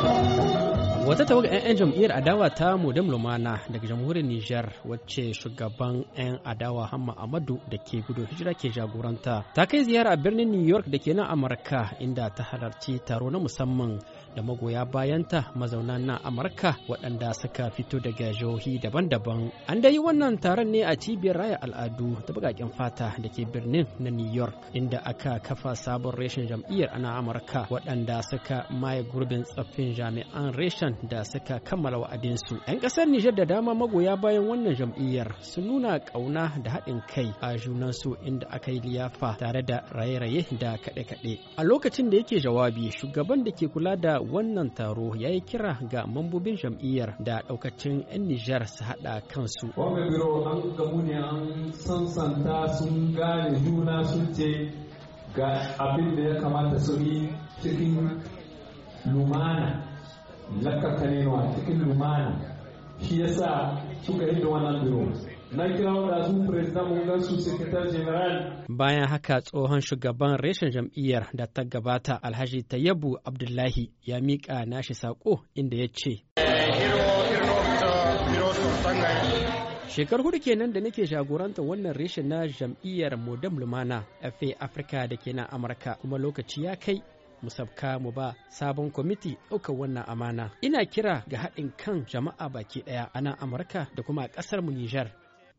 Thank you. wata tawaga 'yan jam'iyyar adawa ta modem lumana daga jamhuriyar niger wacce shugaban 'yan adawa hamma amadu da ke gudu hijira ke jagoranta ta kai ziyara a birnin new york da ke nan amurka inda ta halarci taro na musamman da magoya bayanta mazauna na amurka waɗanda suka fito daga jihohi daban-daban an dai wannan taron ne a cibiyar raya al'adu ta bugaƙen fata da ke birnin na new york inda aka kafa sabon reshen jam'iyyar ana amurka waɗanda suka maye gurbin tsaffin jami'an reshen da suka kammala wa'adinsu. 'Yan ƙasar Nijar da dama magoya bayan wannan jam'iyyar sun nuna ƙauna da haɗin kai a junansu inda aka yi liyafa tare da raye-raye da kaɗe-kaɗe. A lokacin da yake jawabi, shugaban da ke kula da wannan taro ya yi kira ga mambobin jam'iyyar da ɗaukacin 'yan Nijar su haɗa kansu. Wannan biro an gamu ne an sansanta sun gane juna sun ga abin da ya kamata su yi cikin lumana lakaka ne a cikin lumana shi yasa suka yi da wannan biro na kira da su firista mun gan su secretary general bayan haka tsohon shugaban reshen jam'iyyar da ta gabata alhaji tayyabu abdullahi ya miƙa nashi sako inda ya ce Shekar hudu kenan da nake jagoranta wannan reshen na jam'iyyar Modem Lumana FA Africa da ke nan Amurka kuma lokaci ya kai mu sabka mu ba sabon kwamiti ɗaukar wannan amana ina kira ga haɗin kan jama'a baki ɗaya a nan amurka da kuma a ƙasar mu nijar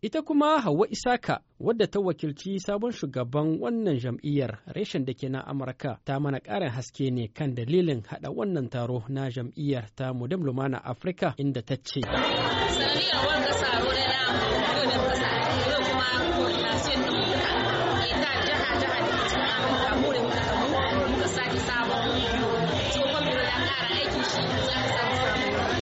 ita kuma hauwa isaka wadda ta wakilci sabon shugaban wannan jam'iyyar reshen da ke na amurka ta mana ƙarin haske ne kan dalilin haɗa wannan taro na jam'iyyar ta mudam lumana afirka inda ta ce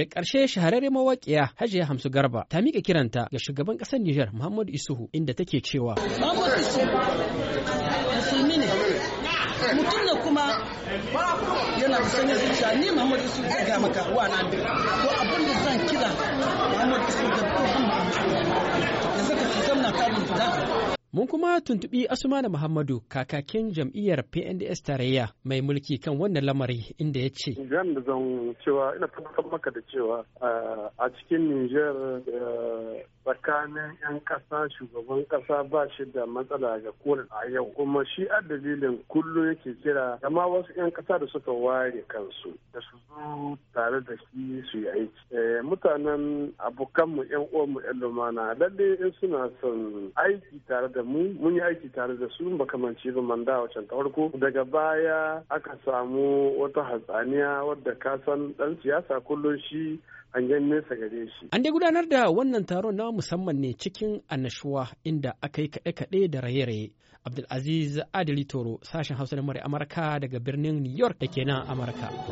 Da ƙarshe shahararren mawaƙiya Hajiya Hamsu Garba ta miƙa kiranta ga shugaban ƙasar Nijar Muhammadu Isuhu inda take cewa. Muhammadu Isuhu musulmi ne mutum ne kuma yana sanya zuciya ni Muhammadu Isuhu zai ga maka wa nan. bi ko abin da zan kira Muhammadu Isuhu da ko yanzu ka zamna ta da Mun kuma tuntuɓi Asumana Muhammadu kakakin jam'iyyar PNDS tarayya mai mulki kan wannan lamari inda ya ce. Zan da zan cewa ina tabbatar maka da cewa eh, a cikin Nijar eh, tsakanin 'yan ƙasa shugaban ƙasa ba shi da matsala ga kowane a yau kuma shi a dalilin kullum yake kira amma wasu 'yan ƙasa da suka ware kansu da su zo tare da shi su yi aiki. Eh, mutanen abokanmu 'yan uwanmu 'yan lumana lalle in suna son aiki tare da da mu mun yi aiki tare da su makamanci ba manda wacan ta farko daga baya aka samu wata hatsaniya wadda ka san dan siyasa kullum shi hangen nesa gare shi. An dai gudanar da wannan taron na musamman ne cikin annashuwa inda aka yi kaɗe-kaɗe da raye-raye. Abdulaziz Adili Toro sashen Hausa na Mare Amurka daga birnin New York da ke nan Amurka.